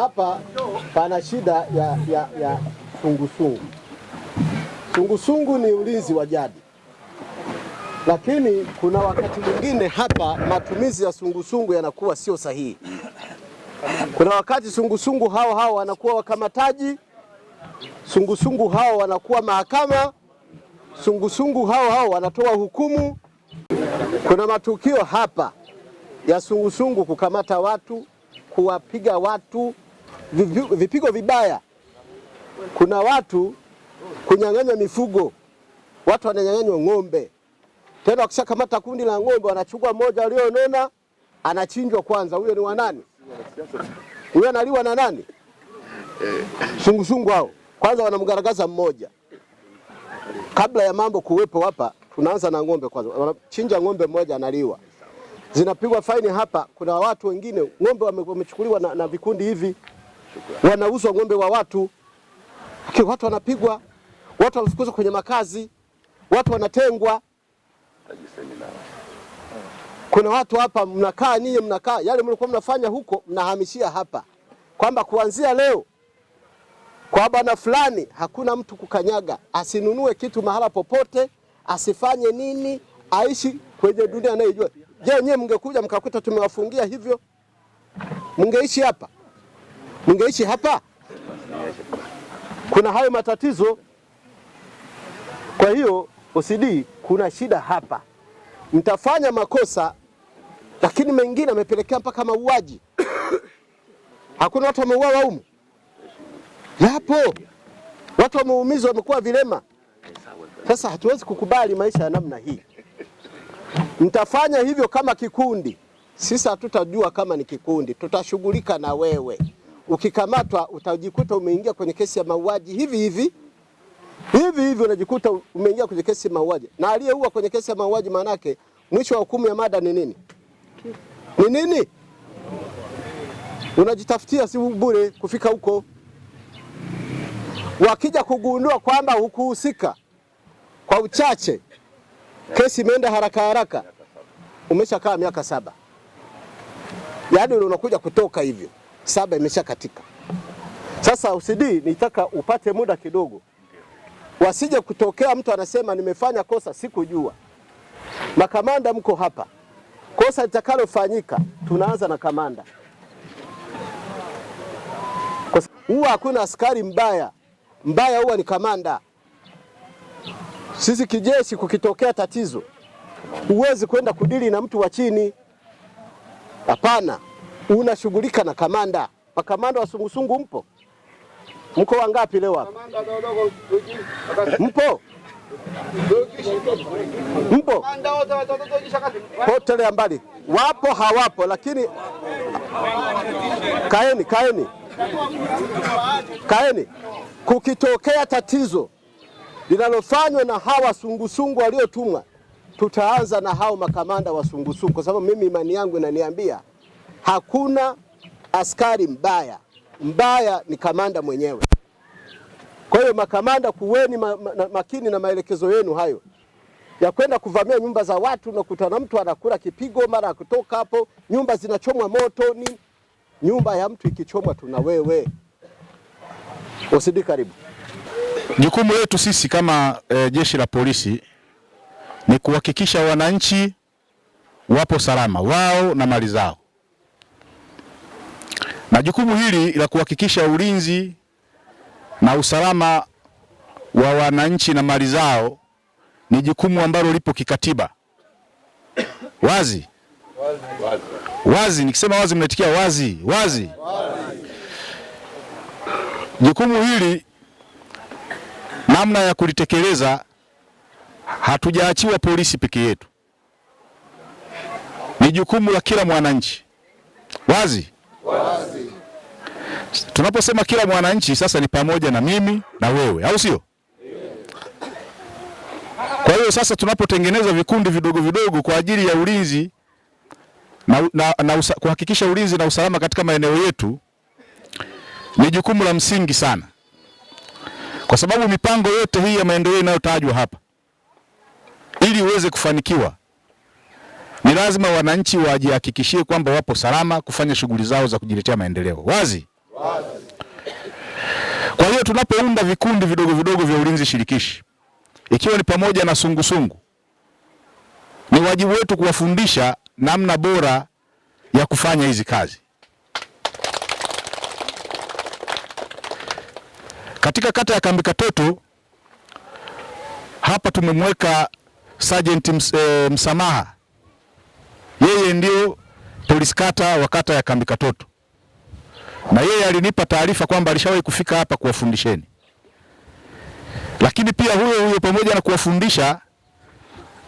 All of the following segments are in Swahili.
hapa pana shida ya, ya, ya sungusungu. Sungusungu ni ulinzi wa jadi, lakini kuna wakati mwingine hapa matumizi ya sungusungu yanakuwa sio sahihi. Kuna wakati sungusungu hao hao wanakuwa wakamataji, sungusungu hao wanakuwa mahakama, sungusungu hao hao wanatoa hukumu. Kuna matukio hapa ya sungusungu kukamata watu, kuwapiga watu vipigo vibaya. Kuna watu kunyang'anya mifugo, watu wananyang'anywa ng'ombe, tena wakishakamata kundi la ng'ombe wanachukua mmoja alionona, anachinjwa kwanza. Huyo ni wa nani? Huyo analiwa na nani? Sungusungu hao kwanza wanamgaragaza mmoja kabla ya mambo kuwepo hapa, tunaanza na ng'ombe kwanza. Wanachinja ng'ombe mmoja analiwa, zinapigwa faini hapa. Kuna watu wengine ng'ombe wamechukuliwa na, na vikundi hivi wanauzwa ng'ombe wa watu, watu wanapigwa, watu wanafukuzwa kwenye makazi, watu wanatengwa. Kuna watu hapa mnakaa ninyi, mnakaa yale mlikuwa mnafanya huko, mnahamishia hapa, kwamba kuanzia leo kwa bwana fulani hakuna mtu kukanyaga, asinunue kitu mahala popote, asifanye nini, aishi kwenye dunia anayojua. Je, nyie mngekuja mkakuta tumewafungia hivyo, mngeishi hapa? ningeishi hapa? Kuna hayo matatizo. Kwa hiyo OCD, kuna shida hapa, mtafanya makosa, lakini mengine amepelekea mpaka mauaji. Hakuna watu wameuawa humu? Yapo watu wameumizwa, wamekuwa vilema. Sasa hatuwezi kukubali maisha ya namna hii. Mtafanya hivyo kama kikundi, sisi hatutajua kama ni kikundi, tutashughulika na wewe ukikamatwa utajikuta umeingia kwenye kesi ya mauaji hivi hivi hivi hivi, unajikuta umeingia kwenye kesi ya mauaji na aliyeua kwenye kesi ya mauaji, maanake mwisho wa hukumu ya mada ni nini? Ni nini? Unajitafutia si bure kufika huko. Wakija kugundua kwamba hukuhusika kwa uchache, kesi imeenda haraka haraka, umeshakaa miaka saba, yaani unakuja kutoka hivyo saba imesha katika Sasa OCD nitaka upate muda kidogo, wasije kutokea mtu anasema nimefanya kosa sikujua. Makamanda mko hapa, kosa litakalofanyika tunaanza na kamanda. Huwa hakuna askari mbaya, mbaya huwa ni kamanda. Sisi kijeshi, kukitokea tatizo, huwezi kwenda kudili na mtu wa chini, hapana unashughulika na kamanda, makamanda wa sungusungu mpo? Mko wangapi leo hapa? Mpo? Mpo? Potele mbali. Wapo hawapo, lakini kaeni, kaeni, kaeni. Kukitokea tatizo linalofanywa na hawa sungusungu waliotumwa, tutaanza na hao makamanda wa sungusungu, kwa sababu mimi imani yangu inaniambia hakuna askari mbaya, mbaya ni kamanda mwenyewe. Kwa hiyo makamanda, kuweni ma, ma, makini na maelekezo yenu hayo ya kwenda kuvamia nyumba za watu. Unakutana mtu anakula kipigo, mara kutoka hapo nyumba zinachomwa moto. Ni nyumba ya mtu ikichomwa, tuna wewe usidi karibu. Jukumu letu sisi kama e, jeshi la polisi ni kuhakikisha wananchi wapo salama, wao na mali zao na jukumu hili la kuhakikisha ulinzi na usalama wa wananchi na mali zao ni jukumu ambalo lipo kikatiba wazi wazi, wazi. Nikisema wazi mnaitikia wazi wazi, wazi. Jukumu hili namna ya kulitekeleza hatujaachiwa polisi peke yetu, ni jukumu la kila mwananchi wazi, wazi. Tunaposema kila mwananchi sasa ni pamoja na mimi na wewe, au sio? Kwa hiyo sasa tunapotengeneza vikundi vidogo vidogo kwa ajili ya ulinzi na, na, na kuhakikisha ulinzi na usalama katika maeneo yetu ni jukumu la msingi sana, kwa sababu mipango yote hii ya maendeleo inayotajwa hapa, ili uweze kufanikiwa, ni lazima wananchi wajihakikishie kwamba wapo salama kufanya shughuli zao za kujiletea maendeleo. Wazi. Kwa hiyo tunapounda vikundi vidogo vidogo vya ulinzi shirikishi, ikiwa ni pamoja na sungusungu, ni wajibu wetu kuwafundisha namna bora ya kufanya hizi kazi. Katika kata ya Kambi Katoto hapa tumemweka Sergeant ms, e, Msamaha, yeye ndio polisi kata wa kata ya Kambi Katoto na yeye alinipa taarifa kwamba alishawahi kufika hapa kuwafundisheni, lakini pia huyo huyo pamoja na kuwafundisha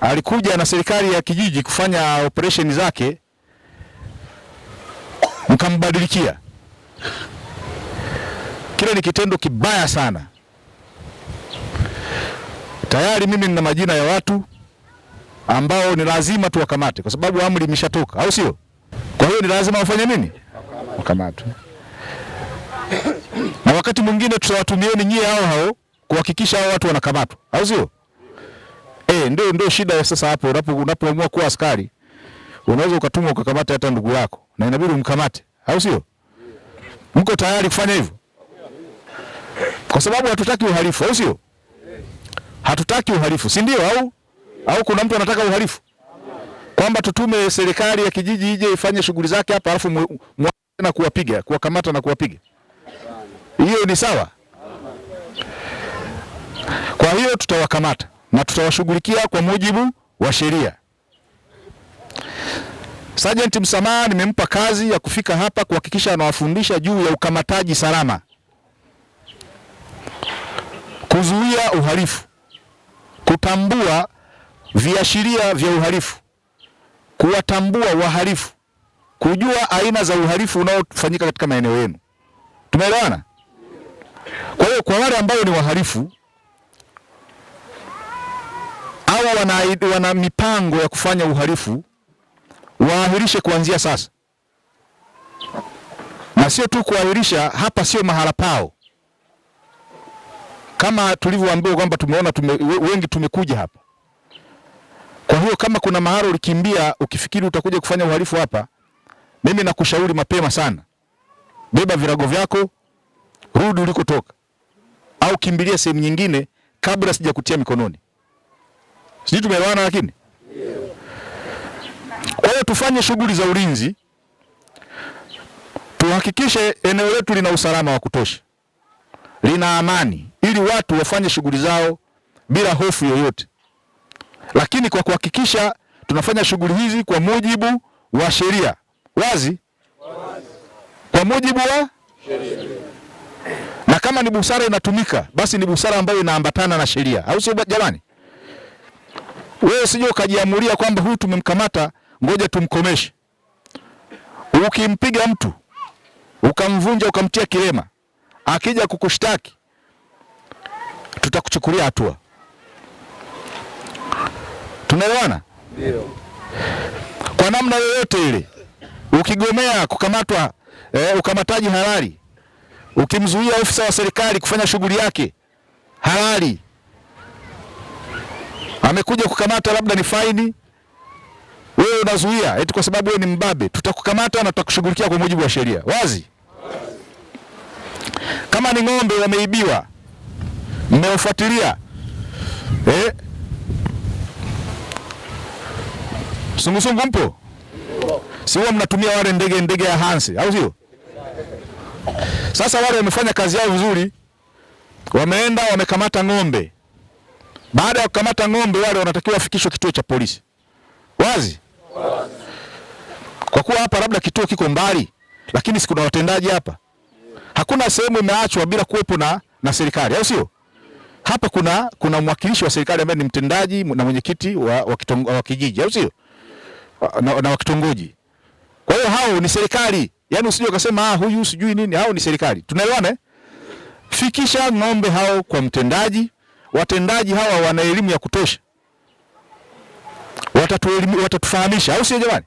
alikuja na serikali ya kijiji kufanya operesheni zake, mkambadilikia. Kile ni kitendo kibaya sana. Tayari mimi nina majina ya watu ambao ni lazima tuwakamate, kwa sababu amri imeshatoka, au sio? Kwa hiyo ni lazima wafanye nini? Wakamatwe na wakati mwingine tutawatumieni nyie hao hao kuhakikisha hao watu wanakamatwa, au sio? Eh, ndio ndio shida ya sasa hapo. Unapoamua kuwa askari, unaweza ukatumwa ukakamata hata ndugu yako na inabidi umkamate, au sio? Mko tayari kufanya hivyo? Kwa sababu hatutaki uhalifu, au sio? Hatutaki uhalifu, si ndio? Au au kuna mtu anataka uhalifu kwamba tutume serikali ya kijiji ije ifanye shughuli zake hapa, alafu mwa na kuwapiga kuwakamata na kuwapiga? Hiyo ni sawa? Kwa hiyo tutawakamata na tutawashughulikia kwa mujibu wa sheria. Sajenti Msamaha nimempa kazi ya kufika hapa kuhakikisha anawafundisha juu ya ukamataji salama, kuzuia uhalifu, kutambua viashiria vya uhalifu, kuwatambua wahalifu, kujua aina za uhalifu unaofanyika katika maeneo yenu. Tumeelewana? Kwa hiyo kwa wale ambao ni wahalifu au wana, wana mipango ya kufanya uhalifu waahirishe kuanzia sasa, na sio tu kuahirisha. Hapa sio mahala pao, kama tulivyoambiwa kwamba tumeona tume, wengi tumekuja hapa. Kwa hiyo kama kuna mahali ulikimbia ukifikiri utakuja kufanya uhalifu hapa, mimi nakushauri mapema sana, beba virago vyako rudi ulikotoka, au kimbilia sehemu nyingine kabla sijakutia mikononi. Sijui tumeelewana, lakini kwa hiyo tufanye shughuli za ulinzi, tuhakikishe eneo letu lina usalama wa kutosha, lina amani, ili watu wafanye shughuli zao bila hofu yoyote, lakini kwa kuhakikisha tunafanya shughuli hizi kwa mujibu wa sheria wazi, kwa mujibu wa sheria kama ni busara inatumika, basi ni busara ambayo inaambatana na sheria, au sio jamani? Wewe usije ukajiamulia kwamba huyu tumemkamata, ngoja tumkomeshe. Ukimpiga mtu ukamvunja ukamtia kilema, akija kukushtaki, tutakuchukulia hatua. Tunaelewana? Ndio. Kwa namna yoyote ile ukigomea kukamatwa, eh, ukamataji halali Ukimzuia ofisa wa serikali kufanya shughuli yake halali, amekuja kukamata, labda ni faini, wewe unazuia eti kwa sababu wewe ni mbabe, tutakukamata na tutakushughulikia kwa mujibu wa sheria. Wazi kama ni ng'ombe wameibiwa, mmeofuatilia eh? sungusungu mpo, si huwa mnatumia wale ndege ndege ya Hansi, au sio? Sasa wale wamefanya kazi yao vizuri, wameenda wamekamata ng'ombe. Baada ya kukamata ng'ombe, wale wanatakiwa wafikishwe kituo cha polisi. Wazi, kwa kuwa hapa labda kituo kiko mbali, lakini si kuna watendaji hapa. Hakuna sehemu imeachwa bila kuwepo na, na serikali, au sio? Hapa kuna kuna mwakilishi wa serikali ambaye ni mtendaji na mwenyekiti wa, wa, wa kijiji, au sio, na, na wa kitongoji. Kwa hiyo hao ni serikali Yaani usije ukasema ah, huyu sijui nini, hao ni serikali. Tunaelewana eh? Fikisha ng'ombe hao kwa mtendaji. Watendaji hawa wana elimu ya kutosha, watatuelimu, watatufahamisha, au sio jamani?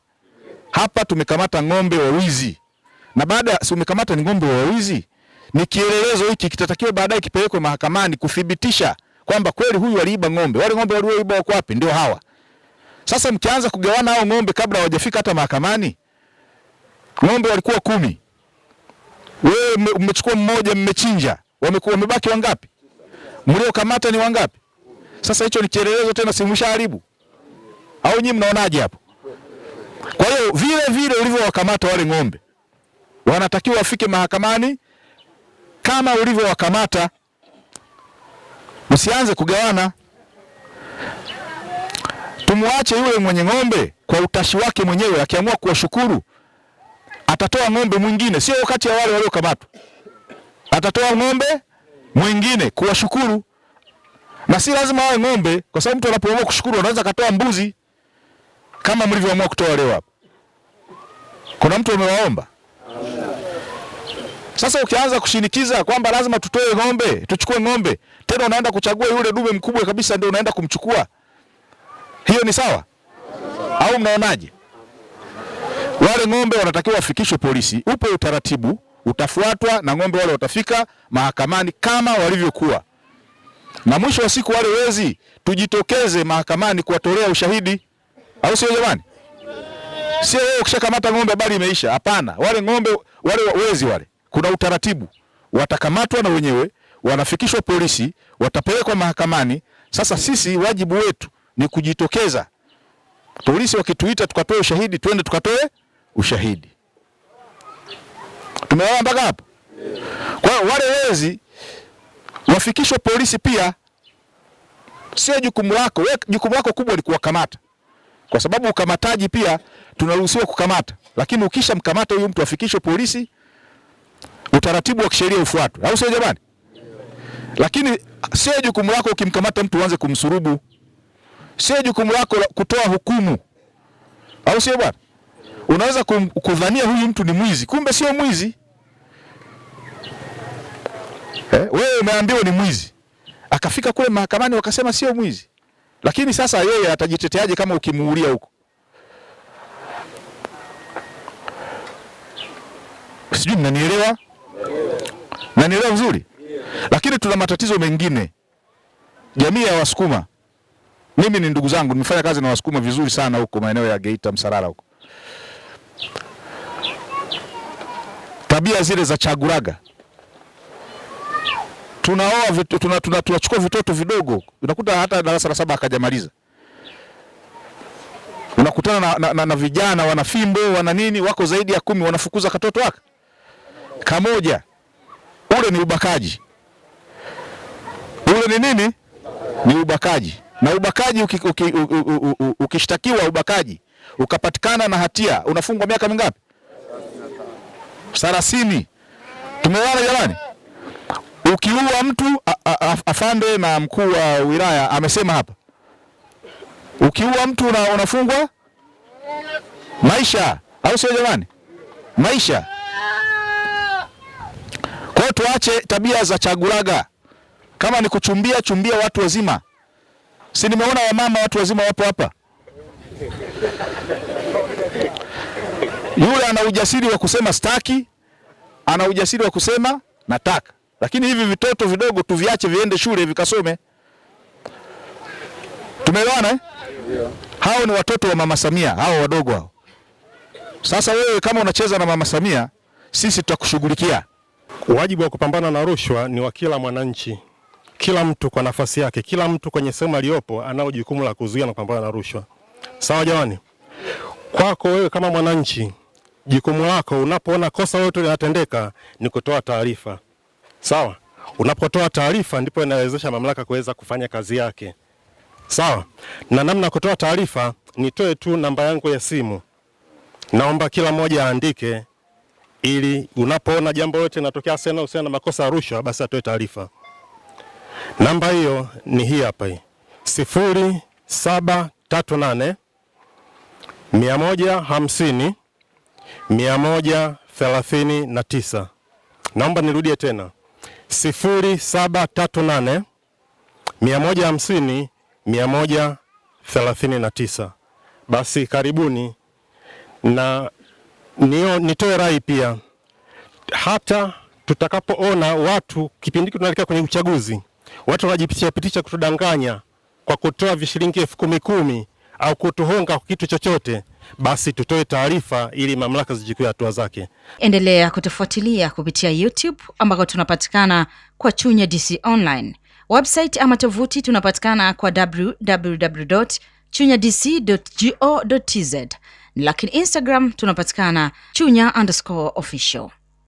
Hapa tumekamata ng'ombe wa wizi, na baada si umekamata ni ng'ombe wa wizi, ni kielelezo hiki kitatakiwa baadaye kipelekwe mahakamani kuthibitisha kwamba kweli huyu aliiba ng'ombe. Wale ng'ombe walioiba wako wapi? Ndio hawa. Sasa mkianza kugawana hao ng'ombe kabla hawajafika hata mahakamani ng'ombe walikuwa kumi, wewe mmechukua mmoja, mmechinja, wamekuwa wamebaki wangapi? Mliokamata ni wangapi? Sasa hicho ni kielelezo tena, si mshaharibu au nyinyi mnaonaje hapo? Kwa hiyo vile vile ulivyowakamata wale ng'ombe wanatakiwa wafike mahakamani kama ulivyowakamata. Msianze kugawana, tumwache yule mwenye ng'ombe kwa utashi wake mwenyewe, akiamua kuwashukuru atatoa ng'ombe mwingine, sio kati ya wale waliokamatwa, atatoa ng'ombe mwingine kuwashukuru. Na si lazima awe ng'ombe, kwa sababu mtu anapoamua kushukuru anaweza akatoa mbuzi, kama mlivyoamua kutoa leo hapa. Kuna mtu amewaomba sasa ukianza kushinikiza kwamba lazima tutoe ng'ombe, tuchukue ng'ombe, tena unaenda kuchagua yule dume mkubwa kabisa ndio unaenda kumchukua, hiyo ni sawa au mnaonaje? Wale ng'ombe wanatakiwa wafikishwe polisi. Upo utaratibu utafuatwa na ng'ombe wale watafika mahakamani kama walivyokuwa, na mwisho wa siku wale wezi tujitokeze mahakamani kuwatolea ushahidi, au sio jamani? Sio wewe ukishakamata ng'ombe bali imeisha. Hapana, wale ng'ombe wale wezi wale, kuna utaratibu, watakamatwa na wenyewe wanafikishwa polisi, watapelekwa mahakamani. Sasa sisi wajibu wetu ni kujitokeza, polisi wakituita tukatoe ushahidi, twende tukatoe ushahidi. Tumeona mpaka hapo? Kwa hiyo wale wezi wafikishwe polisi pia, sio jukumu lako. Wewe jukumu lako kubwa ni kuwakamata, kwa sababu ukamataji pia tunaruhusiwa kukamata, lakini ukishamkamata huyu mtu afikishwe polisi, utaratibu wa kisheria ufuatwe, au sio jamani? Lakini sio jukumu lako ukimkamata mtu uanze kumsurubu, sio jukumu lako kutoa hukumu, au sio bwana? unaweza kudhania huyu mtu ni mwizi, kumbe sio mwizi eh. Wewe umeambiwa ni mwizi, akafika kule mahakamani wakasema sio mwizi, lakini sasa yeye atajiteteaje kama ukimuulia huko? Sijui mnanielewa? Mnanielewa vizuri? Lakini tuna matatizo mengine. Jamii ya Wasukuma, mimi ni ndugu zangu, nimefanya kazi na Wasukuma vizuri sana huko maeneo ya Geita, Msalala huko tabia zile za chaguraga. Tunaoa vitu, tuna, tuna, tuna vitoto vidogo, unakuta hata darasa la saba akajamaliza. Unakutana na, na, na, na vijana wana fimbo wana nini, wako zaidi ya kumi, wanafukuza katoto waka kamoja. Ule ni ubakaji, ule ni nini? Ni ubakaji. Na ubakaji ukishtakiwa, uki, uki, uki, uki, ubakaji ukapatikana na hatia, unafungwa miaka mingapi? thelathini. Tumeelewana jamani? Ukiua mtu afande na mkuu wa wilaya amesema hapa, ukiua mtu una, unafungwa maisha, au sio jamani? Maisha. Kwa hiyo tuache tabia za chagulaga. Kama ni kuchumbia, chumbia watu wazima. Si nimeona wamama watu wazima wapo hapa yule ana ujasiri wa kusema staki, ana ujasiri wa kusema nataka. Lakini hivi vitoto vidogo tuviache viende shule vikasome. Tumeelewana eh? Hao ni watoto wa Mama Samia, hao wadogo hao. Sasa wewe kama unacheza na Mama Samia, sisi tutakushughulikia. Wajibu wa kupambana na rushwa ni wa kila mwananchi, kila mtu kwa nafasi yake, kila mtu kwenye sehemu aliyopo anao jukumu la kuzuia na kupambana na rushwa. Sawa jamani? Kwako wewe kama mwananchi jukumu lako unapoona kosa lolote linatendeka ni kutoa taarifa. Sawa? Unapotoa taarifa ndipo inawezesha mamlaka kuweza kufanya kazi yake. Sawa? Na namna ya kutoa taarifa, nitoe tu namba yangu ya simu. Naomba kila mmoja aandike ili unapoona jambo lolote linatokea sana usiana na makosa ya rushwa, basi atoe taarifa. Namba hiyo ni hii hapa hii. Sifuri saba tatu nane mia moja hamsini 139. Naomba nirudie tena 0738 150 139. Basi karibuni na nio, nitoe rai pia, hata tutakapoona watu kipindi tunaelekea kwenye uchaguzi, watu wanajipitisha pitisha kutudanganya kwa kutoa vishilingi elfu kumi kumi au kutuhonga kwa kitu chochote, basi tutoe taarifa ili mamlaka zichukue hatua zake. Endelea kutufuatilia kupitia YouTube ambako tunapatikana kwa Chunya DC Online, website ama tovuti tunapatikana kwa www chunya dc go tz, lakini Instagram tunapatikana chunya underscore official.